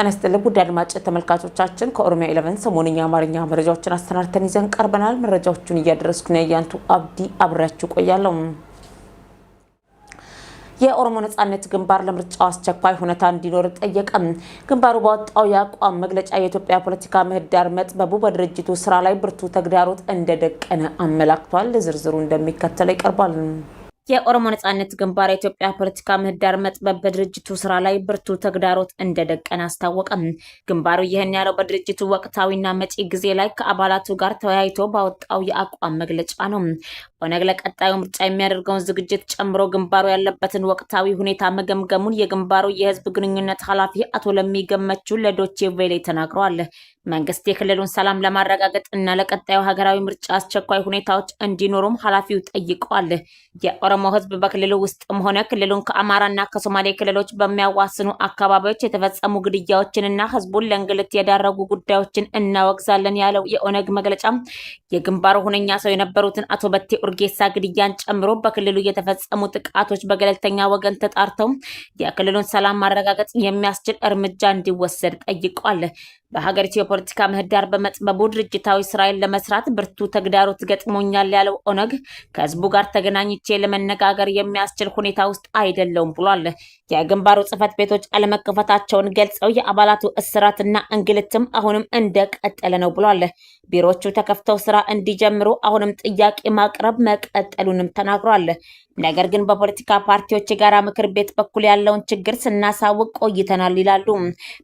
ጤና ይስጥልን ውድ አድማጭ ተመልካቾቻችን ከኦሮሚያ ኢለቨን ሰሞንኛ አማርኛ መረጃዎችን አሰናድተን ይዘን ቀርበናል። መረጃዎቹን እያደረስኩ ነው እያንቱ አብዲ አብሬያችሁ ቆያለሁ። የኦሮሞ ነጻነት ግንባር ለምርጫው አስቸኳይ ሁኔታ እንዲኖር ጠየቀም። ግንባሩ ባወጣው የአቋም መግለጫ የኢትዮጵያ ፖለቲካ ምህዳር መጥበቡ በድርጅቱ ስራ ላይ ብርቱ ተግዳሮት እንደደቀነ አመላክቷል። ዝርዝሩ እንደሚከተለው ይቀርባል። የኦሮሞ ነጻነት ግንባር የኢትዮጵያ ፖለቲካ ምህዳር መጥበብ በድርጅቱ ስራ ላይ ብርቱ ተግዳሮት እንደደቀን አስታወቀም። ግንባሩ ይህን ያለው በድርጅቱ ወቅታዊና መጪ ጊዜ ላይ ከአባላቱ ጋር ተወያይቶ ባወጣው የአቋም መግለጫ ነው። ኦነግ ለቀጣዩ ምርጫ የሚያደርገውን ዝግጅት ጨምሮ ግንባሩ ያለበትን ወቅታዊ ሁኔታ መገምገሙን የግንባሩ የህዝብ ግንኙነት ኃላፊ አቶ ለሚገመቹ ለዶቼ ቬሌ ተናግረዋል። መንግስት የክልሉን ሰላም ለማረጋገጥ እና ለቀጣዩ ሀገራዊ ምርጫ አስቸኳይ ሁኔታዎች እንዲኖሩም ኃላፊው ጠይቀዋል። የኦሮ የኦሮሞ ህዝብ በክልሉ ውስጥም ሆነ ክልሉን ከአማራና ከሶማሌ ክልሎች በሚያዋስኑ አካባቢዎች የተፈጸሙ ግድያዎችንና ህዝቡን ለእንግልት የዳረጉ ጉዳዮችን እናወግዛለን ያለው የኦነግ መግለጫ የግንባሩ ሁነኛ ሰው የነበሩትን አቶ በቴ ኡርጌሳ ግድያን ጨምሮ በክልሉ የተፈጸሙ ጥቃቶች በገለልተኛ ወገን ተጣርተው የክልሉን ሰላም ማረጋገጥ የሚያስችል እርምጃ እንዲወሰድ ጠይቋል። በሀገሪቱ የፖለቲካ ምህዳር በመጥበቡ ድርጅታዊ ስራዬን ለመስራት ብርቱ ተግዳሮት ገጥሞኛል ያለው ኦነግ ከህዝቡ ጋር ተገናኝቼ ለመና ለመነጋገር የሚያስችል ሁኔታ ውስጥ አይደለውም ብሏል። የግንባሩ ጽህፈት ቤቶች አለመከፈታቸውን ገልጸው የአባላቱ እስራትና እንግልትም አሁንም እንደቀጠለ ነው ብሏል። ቢሮዎቹ ተከፍተው ስራ እንዲጀምሩ አሁንም ጥያቄ ማቅረብ መቀጠሉንም ተናግሯል። ነገር ግን በፖለቲካ ፓርቲዎች የጋራ ምክር ቤት በኩል ያለውን ችግር ስናሳውቅ ቆይተናል ይላሉ።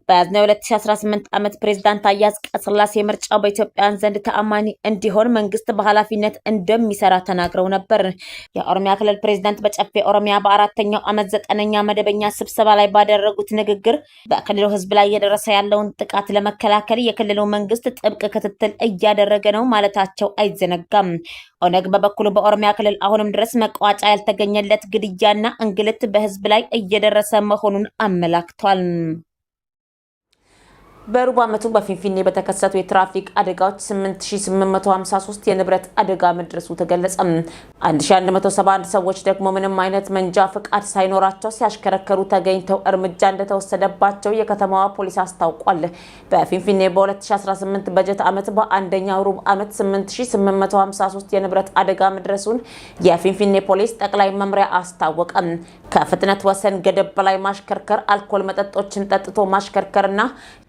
በያዝነው 2018 ዓመት ፕሬዝዳንት ታዬ ቀስላሴ ምርጫው በኢትዮጵያውያን ዘንድ ተአማኒ እንዲሆን መንግስት በኃላፊነት እንደሚሰራ ተናግረው ነበር። የኦሮሚያ ክልል ፕሬዝዳንት በጨፌ ኦሮሚያ በአራተኛው ዓመት ዘጠነኛ መደበኛ ጋዜጠኛ ስብሰባ ላይ ባደረጉት ንግግር በክልሉ ህዝብ ላይ እየደረሰ ያለውን ጥቃት ለመከላከል የክልሉ መንግስት ጥብቅ ክትትል እያደረገ ነው ማለታቸው አይዘነጋም። ኦነግ በበኩሉ በኦሮሚያ ክልል አሁንም ድረስ መቋጫ ያልተገኘለት ግድያና እንግልት በህዝብ ላይ እየደረሰ መሆኑን አመላክቷል። በሩብ ዓመቱ በፊንፊኔ በተከሰቱ የትራፊክ አደጋዎች 8853 የንብረት አደጋ መድረሱ ተገለጸ። 1171 ሰዎች ደግሞ ምንም አይነት መንጃ ፍቃድ ሳይኖራቸው ሲያሽከረከሩ ተገኝተው እርምጃ እንደተወሰደባቸው የከተማዋ ፖሊስ አስታውቋል። በፊንፊኔ በ2018 በጀት ዓመት በአንደኛው ሩብ ዓመት 8853 የንብረት አደጋ መድረሱን የፊንፊኔ ፖሊስ ጠቅላይ መምሪያ አስታወቀ። ከፍጥነት ወሰን ገደብ በላይ ማሽከርከር፣ አልኮል መጠጦችን ጠጥቶ ማሽከርከርና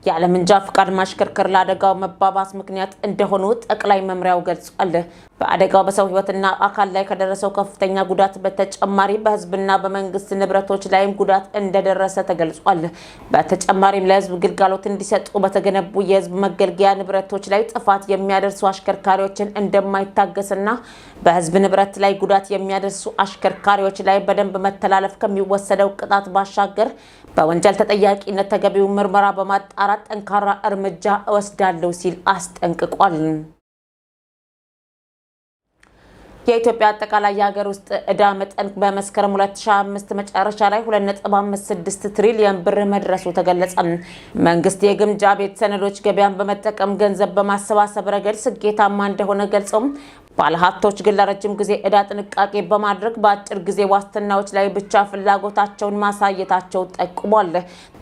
ያለ ምንጃ ፈቃድ ማሽከርከር ለአደጋው መባባስ ምክንያት እንደሆኑ ጠቅላይ መምሪያው ገልጿል። በአደጋው በሰው ህይወትና አካል ላይ ከደረሰው ከፍተኛ ጉዳት በተጨማሪ በህዝብና በመንግስት ንብረቶች ላይም ጉዳት እንደደረሰ ተገልጿል። በተጨማሪም ለህዝብ ግልጋሎት እንዲሰጡ በተገነቡ የህዝብ መገልገያ ንብረቶች ላይ ጥፋት የሚያደርሱ አሽከርካሪዎችን እንደማይታገስና በህዝብ ንብረት ላይ ጉዳት የሚያደርሱ አሽከርካሪዎች ላይ በደንብ መተላለፍ ከሚወሰደው ቅጣት ባሻገር በወንጀል ተጠያቂነት ተገቢው ምርመራ በማጣራት ጠንካራ እርምጃ እወስዳለሁ ሲል አስጠንቅቋል። የኢትዮጵያ አጠቃላይ የሀገር ውስጥ እዳ መጠን በመስከረም 2005 መጨረሻ ላይ 2.56 ትሪሊየን ብር መድረሱ ተገለጸ። መንግስት የግምጃ ቤት ሰነዶች ገበያን በመጠቀም ገንዘብ በማሰባሰብ ረገድ ስኬታማ እንደሆነ ገልጸው ባለሀብቶች ግን ለረጅም ጊዜ ዕዳ ጥንቃቄ በማድረግ በአጭር ጊዜ ዋስትናዎች ላይ ብቻ ፍላጎታቸውን ማሳየታቸው ጠቁሟል።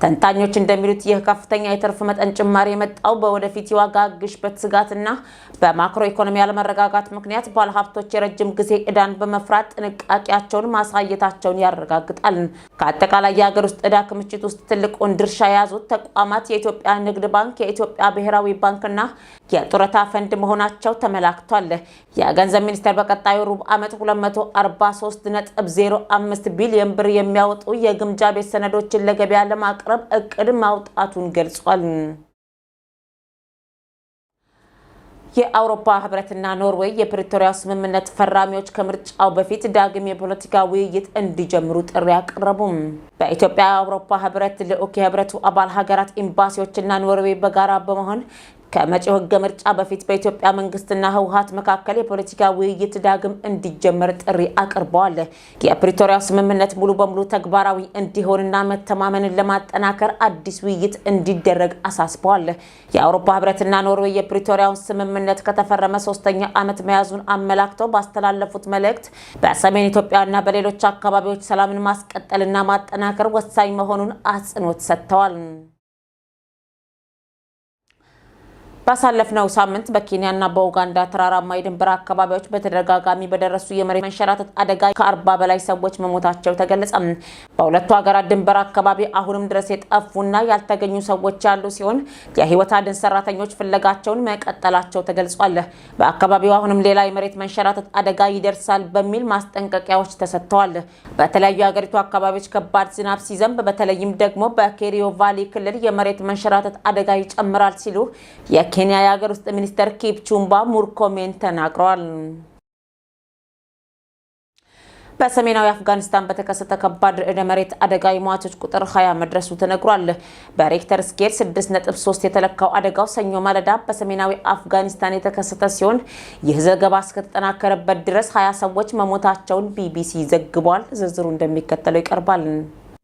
ተንታኞች እንደሚሉት ይህ ከፍተኛ የትርፍ መጠን ጭማሪ የመጣው በወደፊት የዋጋ ግሽበት ስጋትና በማክሮ ኢኮኖሚ አለመረጋጋት ምክንያት ባለሀብቶች የረጅም ጊዜ ዕዳን በመፍራት ጥንቃቄያቸውን ማሳየታቸውን ያረጋግጣል። ከአጠቃላይ የሀገር ውስጥ ዕዳ ክምችት ውስጥ ትልቁን ድርሻ የያዙት ተቋማት የኢትዮጵያ ንግድ ባንክ፣ የኢትዮጵያ ብሔራዊ ባንክና የጡረታ ፈንድ መሆናቸው ተመላክቷል። የገንዘብ ሚኒስቴር በቀጣዩ ሩብ ዓመት 243.05 ቢሊዮን ብር የሚያወጡ የግምጃ ቤት ሰነዶችን ለገበያ ለማቅረብ እቅድ ማውጣቱን ገልጿል። የአውሮፓ ህብረትና ኖርዌይ የፕሪቶሪያ ስምምነት ፈራሚዎች ከምርጫው በፊት ዳግም የፖለቲካ ውይይት እንዲጀምሩ ጥሪ አቀረቡም። በኢትዮጵያ የአውሮፓ ህብረት ልዑክ የህብረቱ አባል ሀገራት ኤምባሲዎችና ኖርዌይ በጋራ በመሆን ከመጪው ህገ ምርጫ በፊት በኢትዮጵያ መንግስትና ህወሀት መካከል የፖለቲካ ውይይት ዳግም እንዲጀመር ጥሪ አቅርበዋል። የፕሪቶሪያው ስምምነት ሙሉ በሙሉ ተግባራዊ እንዲሆንና መተማመንን ለማጠናከር አዲስ ውይይት እንዲደረግ አሳስበዋል። የአውሮፓ ህብረትና ኖርዌይ የፕሪቶሪያውን ስምምነት ከተፈረመ ሶስተኛ ዓመት መያዙን አመላክተው ባስተላለፉት መልእክት በሰሜን ኢትዮጵያና በሌሎች አካባቢዎች ሰላምን ማስቀጠልና ማጠናከር ወሳኝ መሆኑን አጽንኦት ሰጥተዋል። ባሳለፍነው ሳምንት በኬንያና በኡጋንዳ ተራራማ የድንበር አካባቢዎች በተደጋጋሚ በደረሱ የመሬት መንሸራተት አደጋ ከአርባ በላይ ሰዎች መሞታቸው ተገለጸ። በሁለቱ ሀገራት ድንበር አካባቢ አሁንም ድረስ የጠፉና ያልተገኙ ሰዎች ያሉ ሲሆን የህይወት አድን ሰራተኞች ፍለጋቸውን መቀጠላቸው ተገልጿል። በአካባቢው አሁንም ሌላ የመሬት መንሸራተት አደጋ ይደርሳል በሚል ማስጠንቀቂያዎች ተሰጥተዋል። በተለያዩ የሀገሪቱ አካባቢዎች ከባድ ዝናብ ሲዘንብ፣ በተለይም ደግሞ በኬሪዮ ቫሊ ክልል የመሬት መንሸራተት አደጋ ይጨምራል ሲሉ የኬንያ የሀገር ውስጥ ሚኒስተር ኪፕቹምባ ሙርኮሜን ተናግረዋል። በሰሜናዊ አፍጋኒስታን በተከሰተ ከባድ ርዕደ መሬት አደጋ የሟቾች ቁጥር 20 መድረሱ ተነግሯል። በሬክተር ስኬል 6.3 የተለካው አደጋው ሰኞ ማለዳ በሰሜናዊ አፍጋኒስታን የተከሰተ ሲሆን ይህ ዘገባ እስከተጠናከረበት ድረስ 20 ሰዎች መሞታቸውን ቢቢሲ ዘግቧል። ዝርዝሩ እንደሚከተለው ይቀርባል።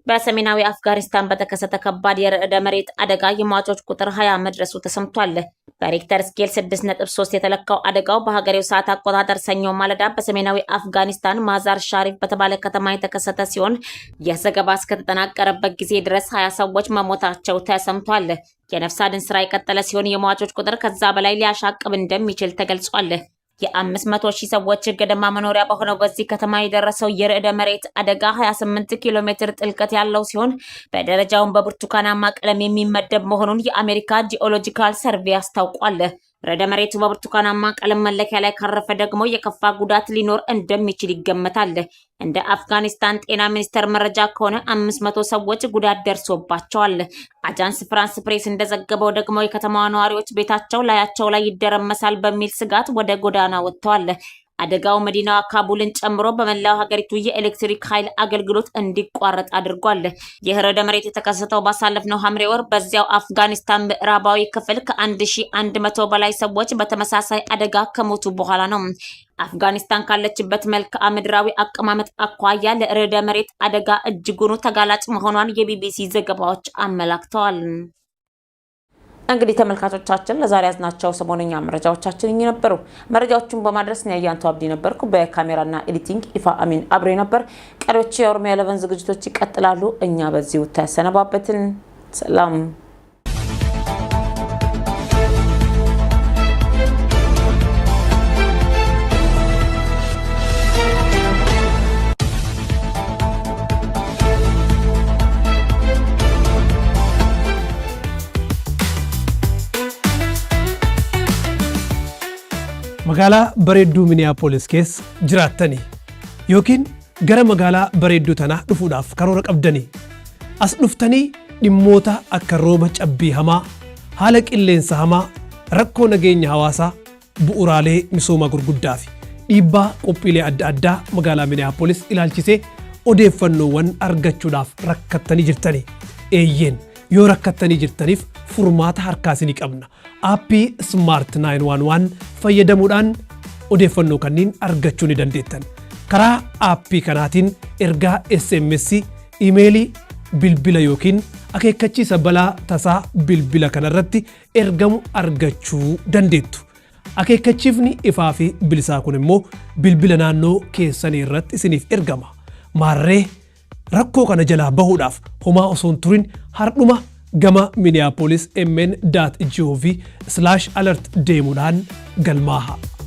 በሰሜናዊ አፍጋኒስታን በተከሰተ ከባድ የርዕደ መሬት አደጋ የሟቾች ቁጥር 20 መድረሱ ተሰምቷል። በሬክተር ስኬል 6.3 የተለካው አደጋው በሀገሬው ሰዓት አቆጣጠር ሰኞ ማለዳ በሰሜናዊ አፍጋኒስታን ማዛር ሻሪፍ በተባለ ከተማ የተከሰተ ሲሆን የዘገባ ዘገባ እስከተጠናቀረበት ጊዜ ድረስ 20 ሰዎች መሞታቸው ተሰምቷል። የነፍስ አድን ስራ የቀጠለ ሲሆን የሟቾች ቁጥር ከዛ በላይ ሊያሻቅብ እንደሚችል ተገልጿል። የ500 ሺህ ሰዎች ገደማ መኖሪያ በሆነው በዚህ ከተማ የደረሰው የርዕደ መሬት አደጋ 28 ኪሎ ሜትር ጥልቀት ያለው ሲሆን በደረጃውን በብርቱካናማ ቀለም የሚመደብ መሆኑን የአሜሪካ ጂኦሎጂካል ሰርቬይ አስታውቋል። ረደ መሬቱ በብርቱካናማ ቀለም መለኪያ ላይ ካረፈ ደግሞ የከፋ ጉዳት ሊኖር እንደሚችል ይገመታል። እንደ አፍጋኒስታን ጤና ሚኒስቴር መረጃ ከሆነ አምስት መቶ ሰዎች ጉዳት ደርሶባቸዋል። አጃንስ ፍራንስ ፕሬስ እንደዘገበው ደግሞ የከተማዋ ነዋሪዎች ቤታቸው ላያቸው ላይ ይደረመሳል በሚል ስጋት ወደ ጎዳና ወጥተዋል። አደጋው መዲናዋ ካቡልን ጨምሮ በመላው ሀገሪቱ የኤሌክትሪክ ኃይል አገልግሎት እንዲቋረጥ አድርጓል። የህረደ መሬት የተከሰተው ባሳለፍነው ሐምሌ ወር በዚያው አፍጋኒስታን ምዕራባዊ ክፍል ከ1100 በላይ ሰዎች በተመሳሳይ አደጋ ከሞቱ በኋላ ነው። አፍጋኒስታን ካለችበት መልክዓ ምድራዊ አቀማመጥ አኳያ ለርዕደ መሬት አደጋ እጅጉኑ ተጋላጭ መሆኗን የቢቢሲ ዘገባዎች አመላክተዋል። እንግዲህ ተመልካቾቻችን ለዛሬ ያዝናቸው ሰሞነኛ መረጃዎቻችን እኚህ ነበሩ። መረጃዎቹን በማድረስ ኒያያንቱ አብዲ ነበርኩ። በካሜራና ኤዲቲንግ ኢፋ አሚን አብሬ ነበር። ቀሪዎቹ የኦሮሚያ ኤሌቨን ዝግጅቶች ይቀጥላሉ። እኛ በዚሁ ተሰነባበትን። ሰላም magaalaa bareedduu miniyaapolis keessa jiraattanii yookiin gara magaalaa bareedduu tanaa dhufuudhaaf karoora qabdanii as dhuftanii dhimmoota akka rooba cabbii hamaa haala qilleensa hamaa rakkoo nageenya hawaasaa bu'uraalee misoomaa gurguddaaf dhiibbaa qophiilee adda addaa magaalaa miniyaapolis ilaalchisee odeeffannoowwan argachuudhaaf rakkattanii jirtanii eeyyeen yoo rakkattanii jirtaniif furmaata harkaa ni qabna. Aappii Smart 911 fayyadamuudhaan odeeffannoo kanneen argachuu ni dandeettan. Karaa appii kanaatiin ergaa SMS, imeelii, bilbila yookiin akeekkachiisa balaa tasaa bilbila kanarratti ergamu argachuu dandeettu. Akeekkachiifni ifaa fi bilisaa kun immoo bilbila naannoo keessanii irratti isiniif ergama. Maarree rakkoo kana jalaa bahuudhaaf homaa osoon turin hardhuma gama miniyaapolis mn gov alert deemuudhaan galmaa haa.